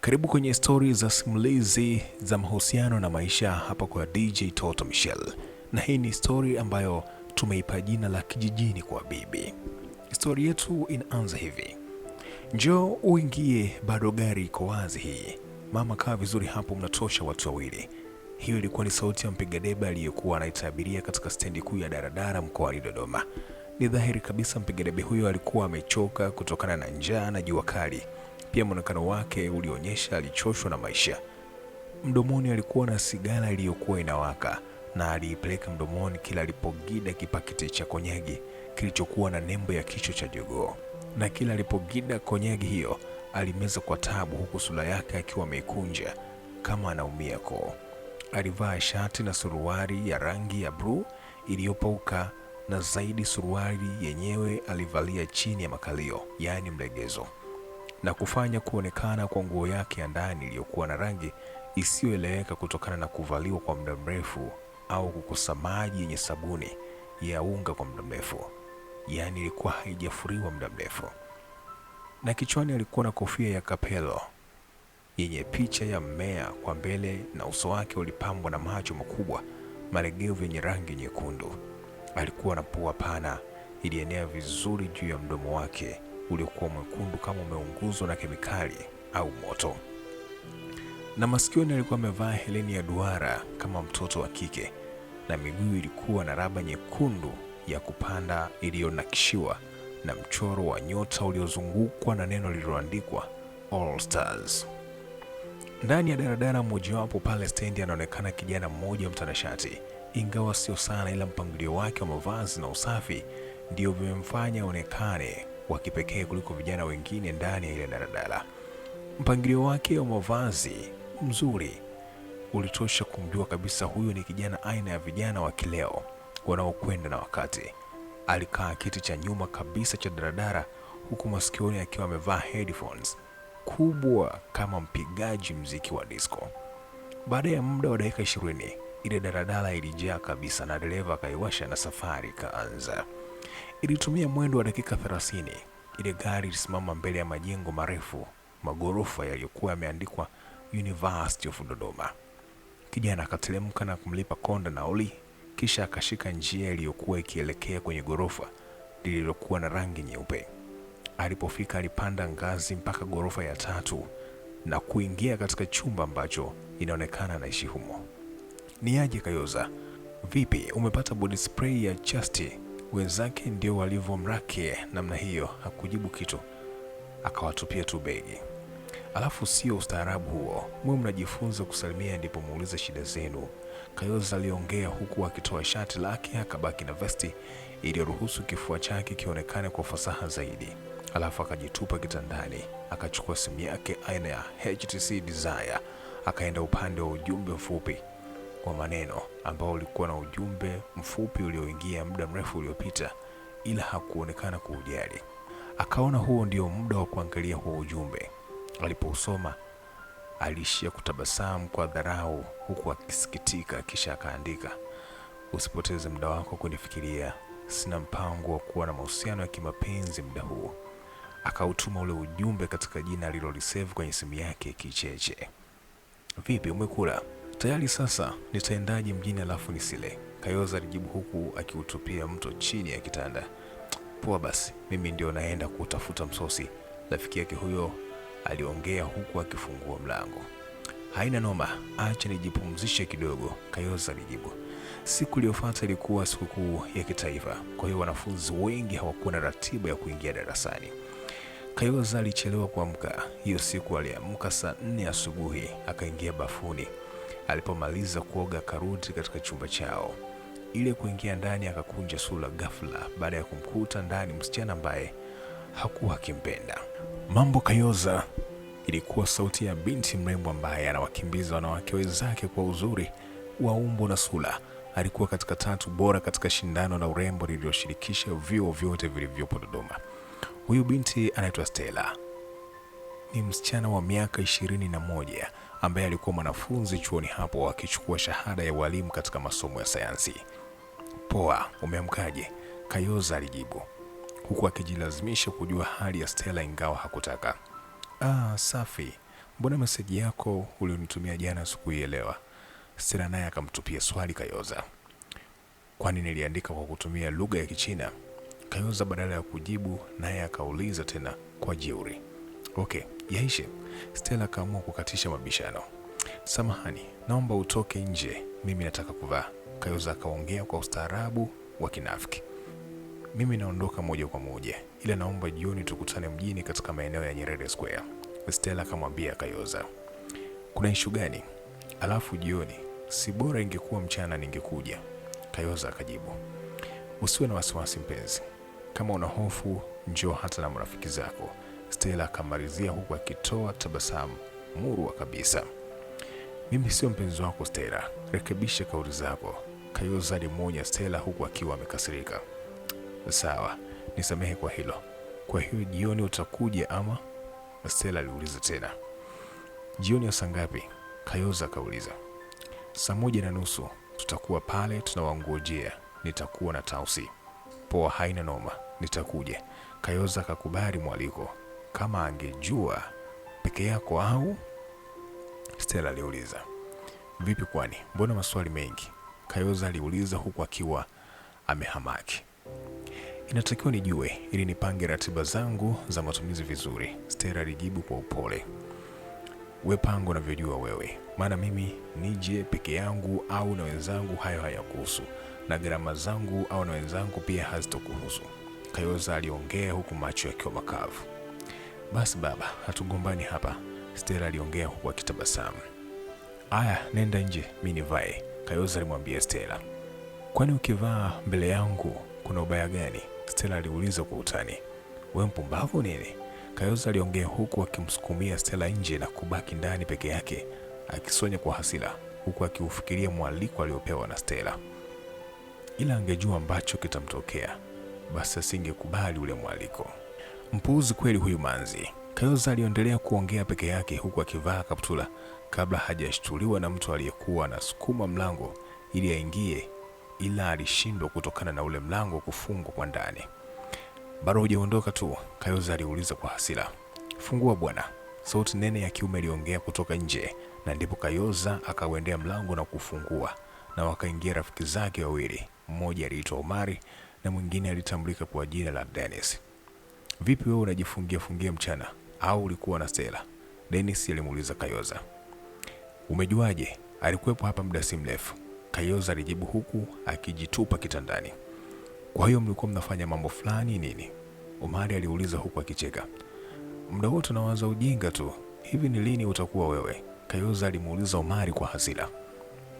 Karibu kwenye stori za simulizi za mahusiano na maisha hapa kwa DJ Toto michel na hii ni stori ambayo tumeipa jina la kijijini kwa bibi. Stori yetu inaanza hivi: njoo uingie, bado gari iko wazi. Hii mama, kaa vizuri hapo, mnatosha watu wawili. Hiyo ilikuwa ni sauti ya mpiga debe aliyekuwa anaita abiria katika stendi kuu ya daradara mkoani Dodoma. Ni dhahiri kabisa mpiga debe huyo alikuwa amechoka kutokana na njaa na jua kali. Pia mwonekano wake ulionyesha alichoshwa na maisha. Mdomoni alikuwa na sigara iliyokuwa inawaka na aliipeleka mdomoni kila alipogida kipakiti cha konyagi kilichokuwa na nembo ya kichwa cha jogoo, na kila alipogida konyagi hiyo alimeza kwa tabu, huku sura yake akiwa ameikunja kama anaumia koo. Alivaa shati na suruali ya rangi ya bluu iliyopauka, na zaidi suruali yenyewe alivalia chini ya makalio, yaani mlegezo na kufanya kuonekana kwa nguo yake ya ndani iliyokuwa na rangi isiyoeleweka kutokana na kuvaliwa kwa muda mrefu au kukosa maji yenye sabuni ya unga kwa muda mrefu, yaani ilikuwa haijafuriwa muda mrefu. Na kichwani alikuwa na kofia ya kapelo yenye picha ya mmea kwa mbele, na uso wake ulipambwa na macho makubwa maregevu yenye rangi nyekundu. Alikuwa na pua pana ilienea vizuri juu ya mdomo wake uliokuwa mwekundu kama umeunguzwa na kemikali au moto, na masikioni alikuwa amevaa heleni ya duara kama mtoto wa kike, na miguu ilikuwa na raba nyekundu ya kupanda iliyonakishiwa na mchoro wa nyota uliozungukwa na neno lililoandikwa All Stars. Ndani ya daradara mojawapo pale stendi, anaonekana kijana mmoja mtanashati, ingawa sio sana, ila mpangilio wake wa mavazi na usafi ndio vimemfanya aonekane wa kipekee kuliko vijana wengine ndani ya ile daladala. Mpangilio wake wa mavazi mzuri ulitosha kumjua kabisa huyu ni kijana aina ya vijana wa kileo wanaokwenda na wakati. Alikaa kiti cha nyuma kabisa cha daladala, huku masikioni akiwa amevaa headphones kubwa kama mpigaji mziki wa disco. Baada ya muda wa dakika ishirini ile daladala ilijaa kabisa na dereva akaiwasha na safari ikaanza ilitumia mwendo wa dakika 30. Ile gari ilisimama mbele ya majengo marefu magorofa yaliyokuwa yameandikwa University of Dodoma. Kijana akateremka na kumlipa konda nauli, kisha akashika njia iliyokuwa ikielekea kwenye gorofa lililokuwa na rangi nyeupe. Alipofika alipanda ngazi mpaka gorofa ya tatu na kuingia katika chumba ambacho inaonekana anaishi humo. Ni aje Kayoza, vipi umepata body spray ya Chasti Wenzake ndio walivyomraki namna hiyo, hakujibu kitu, akawatupia tu begi. Alafu sio ustaarabu huo, mwe mnajifunza kusalimia ndipo muulize shida zenu. Kayoza aliongea huku akitoa shati lake akabaki na vesti iliyoruhusu kifua chake kionekane kwa fasaha zaidi. Alafu akajitupa kitandani, akachukua simu yake aina ya HTC Desire, akaenda upande wa ujumbe mfupi wa maneno ambao ulikuwa na ujumbe mfupi ulioingia muda mrefu uliopita, ila hakuonekana kuujali. Akaona huo ndio muda wa kuangalia huo ujumbe. Alipousoma aliishia kutabasamu kwa dharau, huku akisikitika, kisha akaandika, usipoteze muda wako kunifikiria, sina mpango wa kuwa na mahusiano ya kimapenzi muda huu. Akautuma ule ujumbe katika jina alilolisevu kwenye simu yake kicheche. Vipi, umekula? tayari sasa nitaendaje mjini alafu nisile? Kayoza alijibu huku akiutupia mto chini ya kitanda. Poa basi, mimi ndio naenda kutafuta msosi, rafiki yake huyo aliongea huku akifungua mlango. Haina noma, acha nijipumzishe kidogo, Kayoza alijibu. Siku iliyofuata ilikuwa sikukuu ya kitaifa, kwa hiyo wanafunzi wengi hawakuwa na ratiba ya kuingia darasani. Kayoza alichelewa kuamka hiyo siku. Aliamka saa nne asubuhi akaingia bafuni Alipomaliza kuoga akarudi katika chumba chao. Ile kuingia ndani akakunja sura ghafla, baada ya kumkuta ndani msichana ambaye hakuwa akimpenda. Mambo Kayoza, ilikuwa sauti ya binti mrembo ambaye anawakimbiza wanawake wenzake kwa uzuri wa umbo na sura. Alikuwa katika tatu bora katika shindano la urembo lililoshirikisha vyuo vyote vilivyopo Dodoma. Huyu binti anaitwa Stella, ni msichana wa miaka ishirini na moja ambaye alikuwa mwanafunzi chuoni hapo akichukua shahada ya ualimu katika masomo ya sayansi. Poa, umeamkaje? Kayoza alijibu huku akijilazimisha kujua hali ya Stella ingawa hakutaka. Ah, safi. Mbona meseji yako ulionitumia jana sikuielewa? Stella naye akamtupia swali Kayoza, kwani niliandika kwa kutumia lugha ya Kichina? Kayoza badala ya kujibu naye akauliza tena kwa jeuri. Okay, yaishe. Stella akaamua kukatisha mabishano. Samahani, naomba utoke nje, mimi nataka kuvaa. Kayoza akaongea kwa ustaarabu wa kinafiki. Mimi naondoka moja kwa moja, ila naomba jioni tukutane mjini katika maeneo ya Nyerere Square. Stella akamwambia Kayoza, kuna ishu gani? Alafu jioni, si bora ingekuwa mchana ningekuja? Kayoza akajibu, usiwe na wasiwasi mpenzi, kama una hofu njoo hata na marafiki zako Stella akamalizia huku akitoa tabasamu murwa kabisa. Mimi sio mpenzi wako Stella, rekebisha kauli zako, Kayoza alimwonya Stella huku akiwa amekasirika. Sawa, nisamehe kwa hilo. Kwa hiyo jioni utakuja ama? Stella aliuliza tena. Jioni ya saa ngapi? Kayoza akauliza. Saa moja na nusu tutakuwa pale tunawangojea, nitakuwa na tausi. Poa, haina noma, nitakuja. Kayoza akakubali mwaliko kama angejua peke yako au Stella aliuliza. Vipi kwani? Mbona maswali mengi? Kayoza aliuliza huku akiwa amehamaki. Inatakiwa nijue ili nipange ratiba zangu za matumizi vizuri, Stella alijibu kwa upole. We pango unavyojua wewe, maana mimi nije peke yangu au na wenzangu, hayo hayakuhusu, na gharama zangu au na wenzangu pia hazitokuhusu, Kayoza aliongea huku macho yakiwa makavu. Basi baba, hatugombani hapa, Stella aliongea huku akitabasamu. Aya, nenda nje, mi nivae, Kayoza alimwambia Stella. Kwani ukivaa mbele yangu kuna ubaya gani? Stella aliuliza kwa utani. We mpumbavu nini? Kayoza aliongea huku akimsukumia Stella nje na kubaki ndani peke yake akisonya kwa hasira huku akiufikiria mwaliko aliopewa na Stella. Ila angejua ambacho kitamtokea, basi asingekubali ule mwaliko. Mpuuzi kweli huyu manzi. Kayoza aliendelea kuongea peke yake huku akivaa kaptula kabla hajashtuliwa na mtu aliyekuwa anasukuma mlango ili aingie, ila alishindwa kutokana na ule mlango kufungwa kwa ndani. Bado hujaondoka tu? Kayoza aliuliza kwa hasira. Fungua bwana, sauti nene ya kiume iliongea kutoka nje, na ndipo Kayoza akauendea mlango na kufungua, na wakaingia rafiki zake wawili. Mmoja aliitwa Omari na mwingine alitambulika kwa jina la Dennis vipi wewe unajifungia fungia mchana au ulikuwa na sera? Dennis alimuuliza Kayoza. Umejuaje? Alikuwepo hapa muda si mrefu, Kayoza alijibu huku akijitupa kitandani. Kwa hiyo mlikuwa mnafanya mambo fulani nini? Omari aliuliza huku akicheka. Muda wote nawaza ujinga tu, hivi ni lini utakuwa wewe? Kayoza alimuuliza Omari kwa hasira.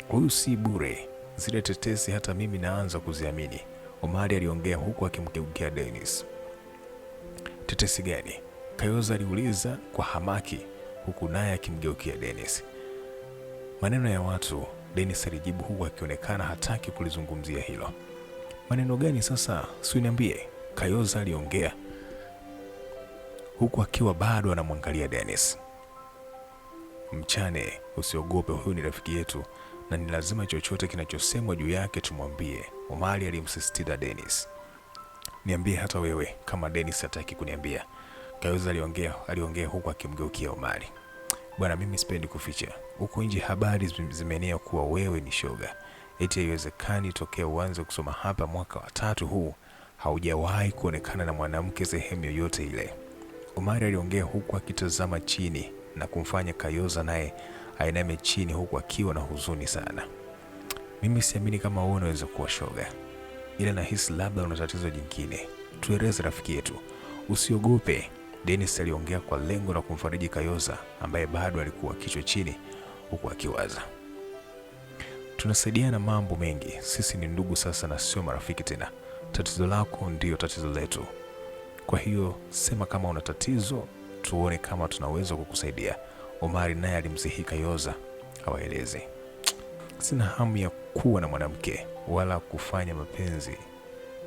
Huyu si bure, zile tetesi hata mimi naanza kuziamini, Omari aliongea huku akimkeukia Dennis tetesi gani? Kayoza aliuliza kwa hamaki, huku naye akimgeukia Dennis. Maneno ya watu, Dennis alijibu huku akionekana hataki kulizungumzia hilo. Maneno gani sasa? Si niambie, Kayoza aliongea huku akiwa bado anamwangalia Dennis. Mchane, usiogope, huyu ni rafiki yetu na ni lazima chochote kinachosemwa juu yake tumwambie, Omari alimsisitiza Dennis niambie hata wewe kama Dennis hataki kuniambia. Kaweza aliongea, aliongea huku akimgeukia Omari. Bwana, mimi sipendi kuficha. Huko nje habari zimeenea kuwa wewe ni shoga. Eti haiwezekani tokea uanze kusoma hapa mwaka wa tatu huu haujawahi kuonekana na mwanamke sehemu yoyote ile. Omari aliongea huku akitazama chini na kumfanya Kayoza naye ainame chini huku akiwa na huzuni sana. Mimi siamini kama wewe unaweza kuwa shoga ila nahisi labda una tatizo jingine. Tueleze rafiki yetu, usiogope. Dennis aliongea kwa lengo la kumfariji Kayoza ambaye bado alikuwa kichwa chini huku akiwaza. Tunasaidiana mambo mengi, sisi ni ndugu sasa na sio marafiki tena. Tatizo lako ndiyo tatizo letu, kwa hiyo sema kama una tatizo, tuone kama tunaweza kukusaidia. Omari naye alimsihi Kayoza awaeleze. Sina hamu ya kuwa na mwanamke wala kufanya mapenzi.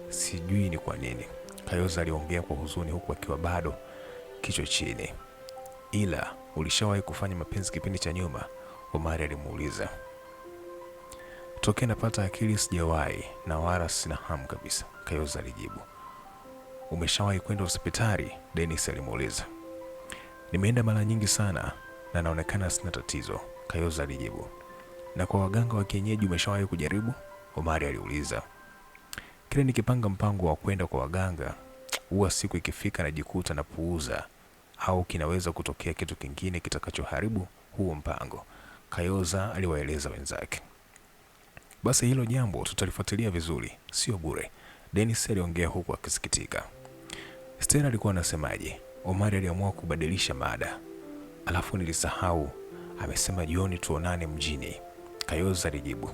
Sijui ni kwa nini, Kayoza aliongea kwa huzuni, huku akiwa bado kichwa chini. Ila ulishawahi kufanya mapenzi kipindi cha nyuma? Omari alimuuliza. Tokea napata akili sijawahi, na wala sina hamu kabisa, Kayoza alijibu. Umeshawahi kwenda hospitali? Dennis alimuuliza. Nimeenda mara nyingi sana na naonekana sina tatizo, Kayoza alijibu. Na kwa waganga wa kienyeji umeshawahi kujaribu? Omari aliuliza. Kile nikipanga mpango wa kwenda kwa waganga, huwa siku ikifika najikuta na puuza au kinaweza kutokea kitu kingine kitakachoharibu huo mpango. Kayoza aliwaeleza wenzake. Basi hilo jambo tutalifuatilia vizuri, sio bure, Dennis aliongea huku akisikitika. Stella alikuwa anasemaje? Omari aliamua kubadilisha mada. Alafu nilisahau, amesema jioni tuonane mjini, Kayoza alijibu.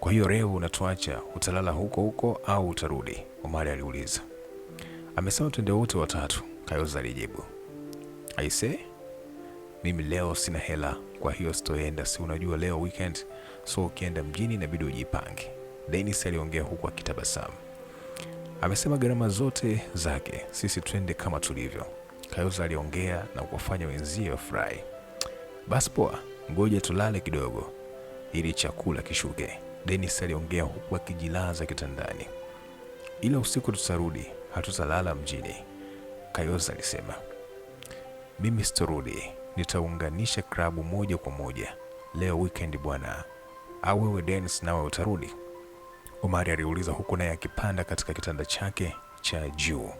Kwa hiyo leo unatuacha, utalala huko huko au utarudi? Omari aliuliza. Amesema twende wote watatu, Kayoza alijibu. Aise, mimi leo sina hela, kwa hiyo sitoenda. Si unajua leo weekend, so ukienda mjini inabidi ujipange, Dennis aliongea huku akitabasamu. Amesema gharama zote zake, sisi twende kama tulivyo. Kayoza aliongea na kuwafanya wenzie wafurahi. Basi poa, ngoja tulale kidogo ili chakula kishuke. Dennis aliongea huku akijilaza kitandani. Ila usiku tutarudi, hatutalala mjini, Kayoza alisema. Mimi sitorudi, nitaunganisha klabu moja kwa moja leo weekend bwana. Au wewe Dennis nawe utarudi? Omari aliuliza huku naye akipanda katika kitanda chake cha juu.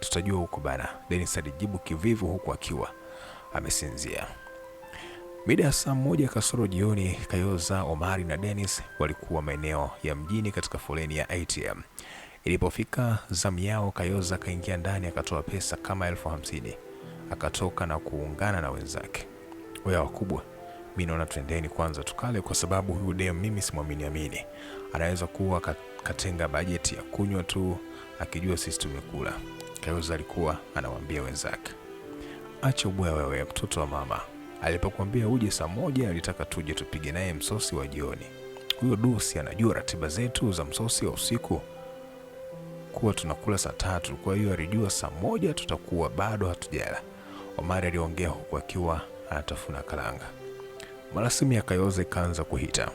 Tutajua huko bana, Dennis alijibu kivivu huku akiwa amesinzia. Mida ya saa moja kasoro jioni, Kayoza, Omari na Dennis walikuwa maeneo ya mjini katika foleni ya ATM. Ilipofika zamu yao, Kayoza akaingia ndani akatoa pesa kama elfu hamsini akatoka na kuungana na wenzake. Wewe wakubwa, mimi naona twendeni kwanza tukale, kwa sababu huyu dem mimi simwamini amini, anaweza kuwa katenga bajeti ya kunywa tu akijua sisi tumekula. Kayoza alikuwa anawaambia wenzake, acha ubwea wewe, mtoto wa mama Alipokuambia uje saa moja, alitaka tuje tupige naye msosi wa jioni. Huyo Dusi anajua ratiba zetu za msosi wa usiku kuwa tunakula saa tatu, kwa hiyo alijua saa moja tutakuwa bado hatujala. Omari aliongea huku akiwa anatafuna karanga. Mara simu ya Kayoze ikaanza kuhita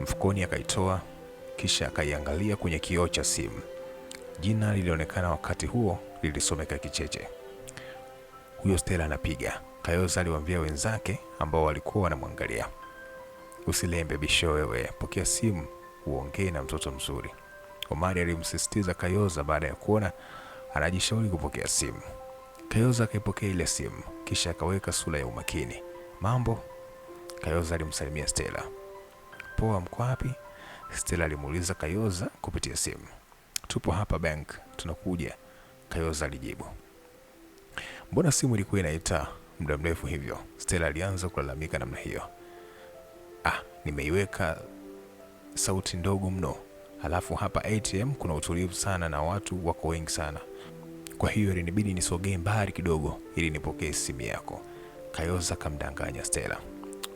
mfukoni, akaitoa kisha akaiangalia kwenye kioo cha simu. Jina lilionekana wakati huo lilisomeka kicheche. Huyo Stela anapiga. Kayoza aliwaambia wenzake ambao walikuwa wanamwangalia, usilembe bisho, wewe pokea simu uongee na mtoto mzuri. Omari alimsisitiza Kayoza baada ya kuona anajishauri kupokea simu. Kayoza akaipokea ile simu kisha akaweka sura ya umakini. Mambo? Kayoza alimsalimia Stella. Poa, mko wapi? Stella alimuuliza Kayoza kupitia simu. Tupo hapa bank, tunakuja, Kayoza alijibu. Mbona simu ilikuwa inaita muda mrefu hivyo. Stella alianza kulalamika namna hiyo. Ah, nimeiweka sauti ndogo mno, halafu hapa ATM kuna utulivu sana na watu wako wengi sana, kwa hiyo ilinibidi nisogee mbali kidogo ili nipokee simu yako. Kayoza kamdanganya Stella.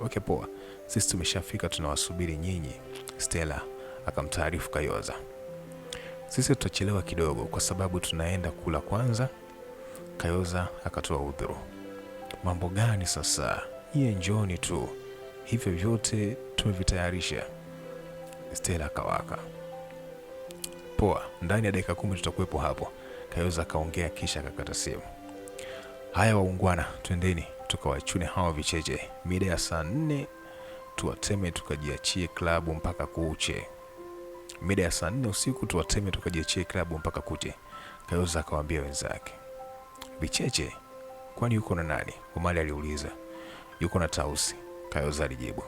Okay, poa, sisi tumeshafika, tunawasubiri nyinyi. Stella akamtaarifu Kayoza, sisi tutachelewa kidogo kwa sababu tunaenda kula kwanza. Kayoza akatoa udhuru mambo gani sasa? Iye, njoni tu, hivyo vyote tumevitayarisha. Stella akawaka. Poa, ndani ya dakika kumi tutakuwepo hapo, kaweza akaongea, kisha akakata simu. Haya waungwana, twendeni tukawachune hawa vicheche. Mida ya saa nne tuwateme tukajiachie klabu mpaka kuche. Mida ya saa nne usiku tuwateme tukajiachie klabu mpaka kuche, kaweza akawaambia wenzake vicheche Kwani yuko na nani? Omari aliuliza. Yuko na Tausi, Kayoza alijibu.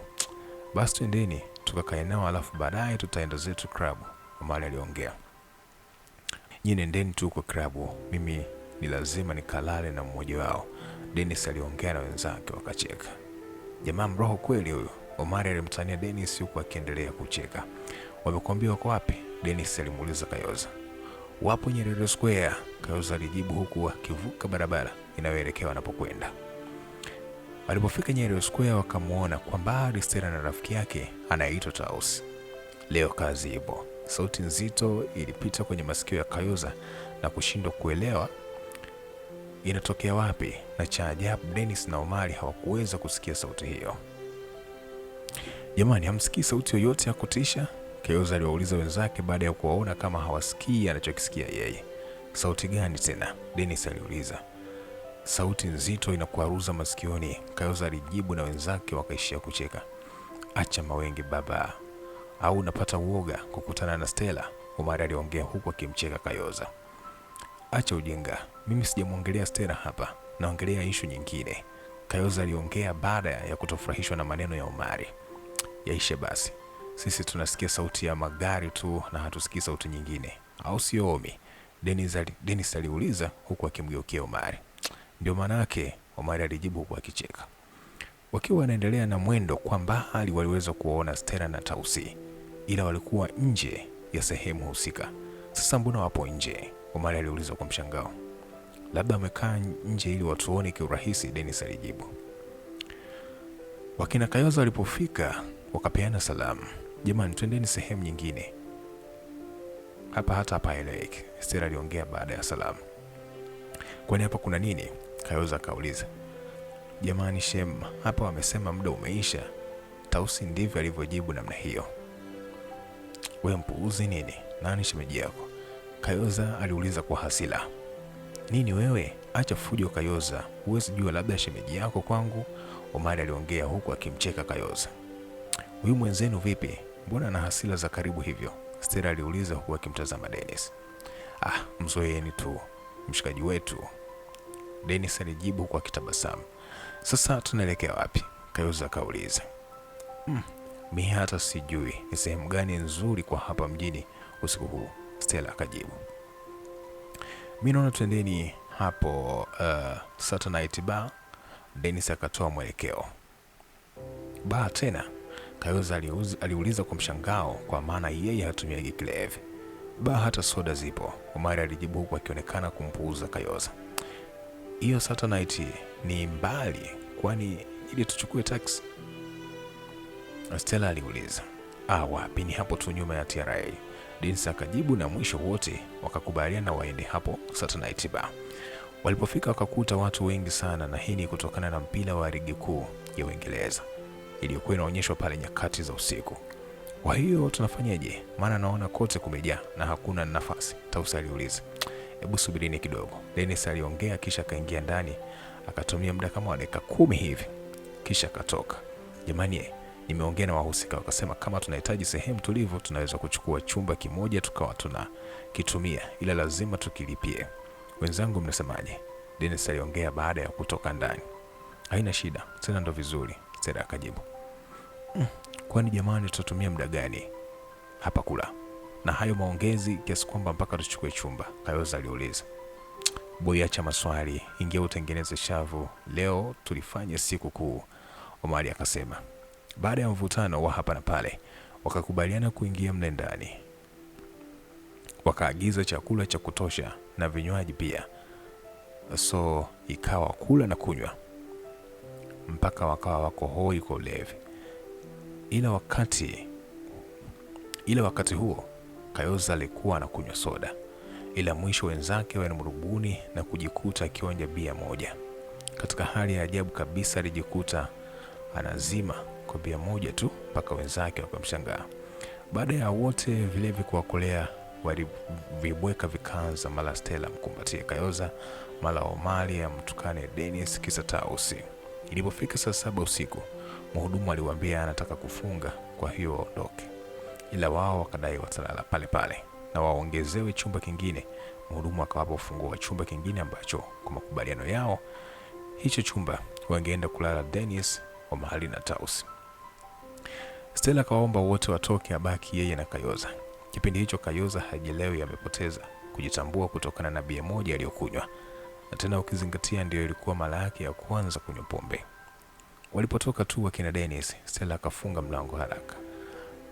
Basi twendeni tukakae nao, alafu baadaye tutaenda zetu klabu, Omari aliongea. Nyinyi nendeni tu kwa klabu, mimi ni lazima nikalale na mmoja wao, Dennis aliongea na wenzake wakacheka. Jamaa mroho kweli huyo, Omari alimtania Dennis huku akiendelea kucheka. Wamekwambia wako wapi? Dennis alimuuliza Kayoza wapo Nyerere Square, Kaoza alijibu huku akivuka barabara inayoelekea wanapokwenda. Walipofika Nyerere Square wakamwona kwa mbali Stella na rafiki yake anayeitwa Tausi. Leo kazi ipo. Sauti nzito ilipita kwenye masikio ya Kayoza na kushindwa kuelewa inatokea wapi, na cha ajabu Dennis na Omari hawakuweza kusikia sauti hiyo. Jamani, hamsikii sauti yoyote ya kutisha? Keuza aliwauliza wenzake baada ya kuwaona kama hawasikii anachokisikia yeye. Sauti gani tena? Dennis aliuliza. Sauti nzito inakuaruza masikioni, Keuza alijibu na wenzake wakaishia kucheka. Acha mawenge baba, au unapata uoga kukutana na Stella? Omari aliongea huku akimcheka Kayoza. Acha ujinga, mimi sijamwongelea Stella hapa, naongelea ishu nyingine. Kayoza aliongea baada ya kutofurahishwa na maneno ya Omari. Yaishe basi sisi tunasikia sauti ya magari tu na hatusikii sauti nyingine, au sio Omi? Dennis, ali, Dennis aliuliza huku akimgeukia Omari. Ndio maana yake, Omari alijibu huku akicheka. Wakiwa wanaendelea na mwendo, kwa mbali waliweza kuwaona Stella na Tausi, ila walikuwa nje ya sehemu husika. Sasa mbona wapo nje? Omari aliuliza kwa mshangao. Labda wamekaa nje ili watuone kiurahisi, Dennis alijibu. Wakina Kayoza walipofika wakapeana salamu. Jamani, twendeni sehemu nyingine, hapa hata hapaeleweki, Stella aliongea baada ya salamu. Kwani hapa kuna nini? Kayoza akauliza. Jamani Shem, hapa wamesema muda umeisha. Tausi ndivyo alivyojibu namna hiyo. We mpuuzi nini? Nani shemeji yako? Kayoza aliuliza kwa hasila. Nini wewe, acha fujo Kayoza, huwezi jua, labda shemeji yako kwangu, Omari aliongea huku akimcheka Kayoza. Huyu mwenzenu vipi? Mbona na hasila za karibu hivyo? Stella aliuliza huku akimtazama Dennis. Ah, mzoeeni tu mshikaji wetu, Dennis alijibu kwa kitabasamu. Sasa tunaelekea wapi? Kayoza kauliza. Mm, mi hata sijui ni sehemu gani nzuri kwa hapa mjini usiku huu, Stella akajibu. Mi naona tuendeni hapo uh, Saturday Night Bar. Dennis akatoa mwelekeo. Ba tena Kayoza aliuliza kwa mshangao, kwa maana yeye hatumiagi kilevi, ba hata soda zipo. Omari alijibu huku akionekana kumpuuza Kayoza. Hiyo Satanite ni mbali, kwani ili tuchukue taksi? Stella aliuliza. Ah, wapi? Ni hapo tu nyuma ya TRA, Dinsa akajibu, na mwisho wote wakakubaliana waende hapo Satanite ba. Walipofika wakakuta watu wengi sana, na hii ni kutokana na mpira wa ligi kuu ya Uingereza iliyokuwa inaonyeshwa pale nyakati za usiku. Kwa hiyo tunafanyaje Maana naona kote kumejaa na hakuna nafasi, Tausi aliuliza. Hebu subirini kidogo, Dennis aliongea, kisha akaingia ndani, akatumia muda kama wa dakika kumi hivi, kisha akatoka. Jamani, nimeongea na wahusika wakasema kama tunahitaji sehemu tulivu tunaweza kuchukua chumba kimoja tukawa tuna kitumia, ila lazima tukilipie. Wenzangu mnasemaje? Dennis aliongea baada ya kutoka ndani. Haina shida, tena ndo vizuri Sera akajibu, mm, kwani jamani, tutatumia muda gani hapa kula na hayo maongezi kiasi kwamba mpaka tuchukue chumba? Kayoza aliuliza. Boy, acha maswali, ingia utengeneze shavu, leo tulifanya siku kuu, Omari akasema. Baada ya mvutano wa hapa na pale, wakakubaliana kuingia mle ndani, wakaagiza chakula cha kutosha na vinywaji pia, so ikawa kula na kunywa mpaka wakawa wako hoi kwa ulevi. Ila wakati, ila wakati huo Kayoza alikuwa anakunywa soda, ila mwisho wenzake mrubuni na kujikuta akionja bia moja. Katika hali ya ajabu kabisa, alijikuta anazima kwa bia moja tu mpaka wenzake wakamshangaa. Baada ya wote vilevi kuwakolea, walivibweka vikaanza, mara Stella mkumbatie Kayoza, mara Omari amtukane Dennis, kisa Tausi. Ilipofika saa saba usiku, mhudumu aliwaambia anataka kufunga, kwa hiyo waondoke, ila wao wakadai watalala pale pale na waongezewe chumba kingine. Mhudumu akawapa ufunguo wa chumba kingine ambacho kwa makubaliano yao hicho chumba wangeenda kulala Dennis wa mahali na Taus. Stella akawaomba wote watoke, abaki yeye na Kayoza. Kipindi hicho Kayoza hajielewi amepoteza kujitambua kutokana na bia moja aliyokunywa na tena ukizingatia ndiyo ilikuwa mara yake ya kwanza kunywa pombe. Walipotoka tu wakina Dennis, Stella akafunga mlango haraka,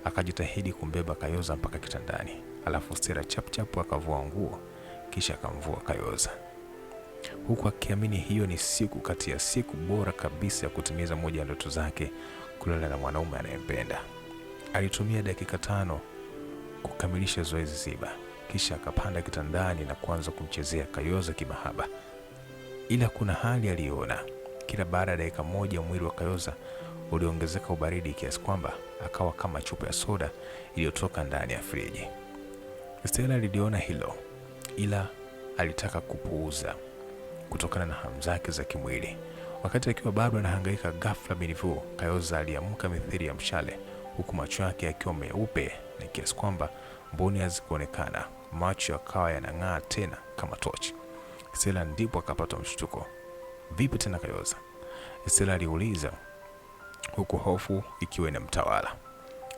akajitahidi kumbeba Kayoza mpaka kitandani, alafu Stella chapchap akavua nguo kisha akamvua Kayoza huku akiamini hiyo ni siku kati ya siku bora kabisa ya kutimiza moja ya ndoto zake, kulala na mwanaume anayempenda. Alitumia dakika tano kukamilisha zoezi zima kisha akapanda kitandani na kuanza kumchezea Kayoza kimahaba, ila kuna hali aliyoona. Kila baada ya dakika moja mwili wa Kayoza uliongezeka ubaridi kiasi kwamba akawa kama chupa ya soda iliyotoka ndani ya friji. Stella aliliona hilo, ila alitaka kupuuza kutokana na hamu zake za kimwili. Wakati akiwa bado anahangaika, ghafla binivu Kayoza aliamka mithili ya mshale, huku macho yake yakiwa meupe na kiasi kwamba mboni hazikuonekana macho yakawa yanang'aa tena kama tochi. sela ndipo akapata mshtuko. Vipi tena Kayoza? sela aliuliza huku hofu ikiwa inamtawala,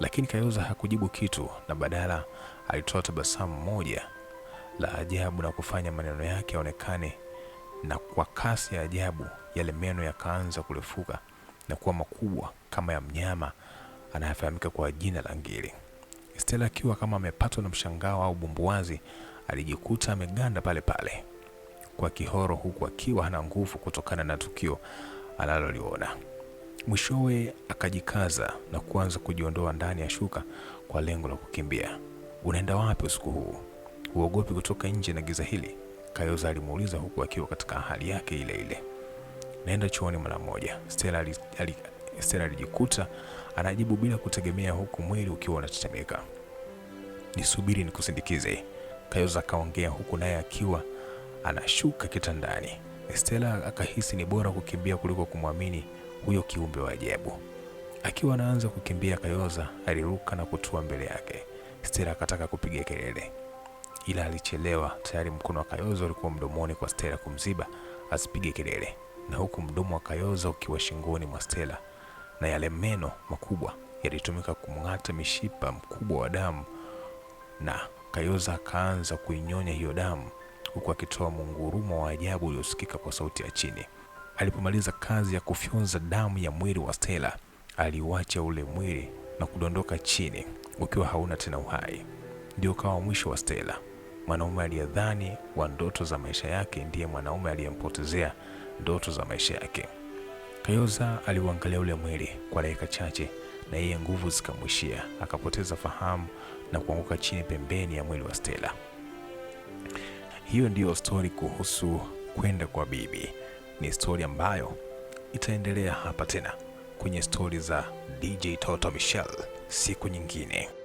lakini Kayoza hakujibu kitu, na badala alitoa tabasamu moja la ajabu na kufanya maneno yake yaonekane, na kwa kasi ya ajabu yale meno yakaanza kurefuka na kuwa makubwa kama ya mnyama anayefahamika kwa jina la ngiri. Stella akiwa kama amepatwa na mshangao au bumbuazi, alijikuta ameganda pale pale kwa kihoro, huku akiwa hana nguvu kutokana na tukio analoliona. Mwishowe akajikaza na kuanza kujiondoa ndani ya shuka kwa lengo la kukimbia. Unaenda wapi usiku huu? Uogopi kutoka nje na giza hili? Kayoza alimuuliza huku akiwa katika hali yake ile ile. Naenda chuoni mara moja, Stella Esther alijikuta anajibu bila kutegemea, huku mwili ukiwa unatetemeka. Nisubiri nikusindikize, Kayoza akaongea, huku naye akiwa anashuka kitandani. Estela akahisi ni bora kukimbia kuliko kumwamini huyo kiumbe wa ajabu. Akiwa anaanza kukimbia, Kayoza aliruka na kutua mbele yake. Estela akataka kupiga kelele ila alichelewa. Tayari mkono wa Kayoza ulikuwa mdomoni kwa Estela kumziba asipige kelele, na huku mdomo wa Kayoza ukiwa shingoni mwa Estela na yale meno makubwa yalitumika kumng'ata mishipa mkubwa wa damu, na Kayoza akaanza kuinyonya hiyo damu huku akitoa mungurumo wa ajabu uliosikika kwa sauti ya chini. Alipomaliza kazi ya kufyonza damu ya mwili wa Stella, aliuacha ule mwili na kudondoka chini ukiwa hauna tena uhai. Ndio kawa mwisho wa Stella. Mwanaume aliyedhani wa ndoto za maisha yake ndiye mwanaume aliyempotezea ndoto za maisha yake. Kayoza aliuangalia ule mwili kwa dakika chache, na yeye nguvu zikamwishia, akapoteza fahamu na kuanguka chini pembeni ya mwili wa Stella. Hiyo ndiyo stori kuhusu kwenda kwa bibi. Ni stori ambayo itaendelea hapa tena kwenye stori za DJ Toto Michelle siku nyingine.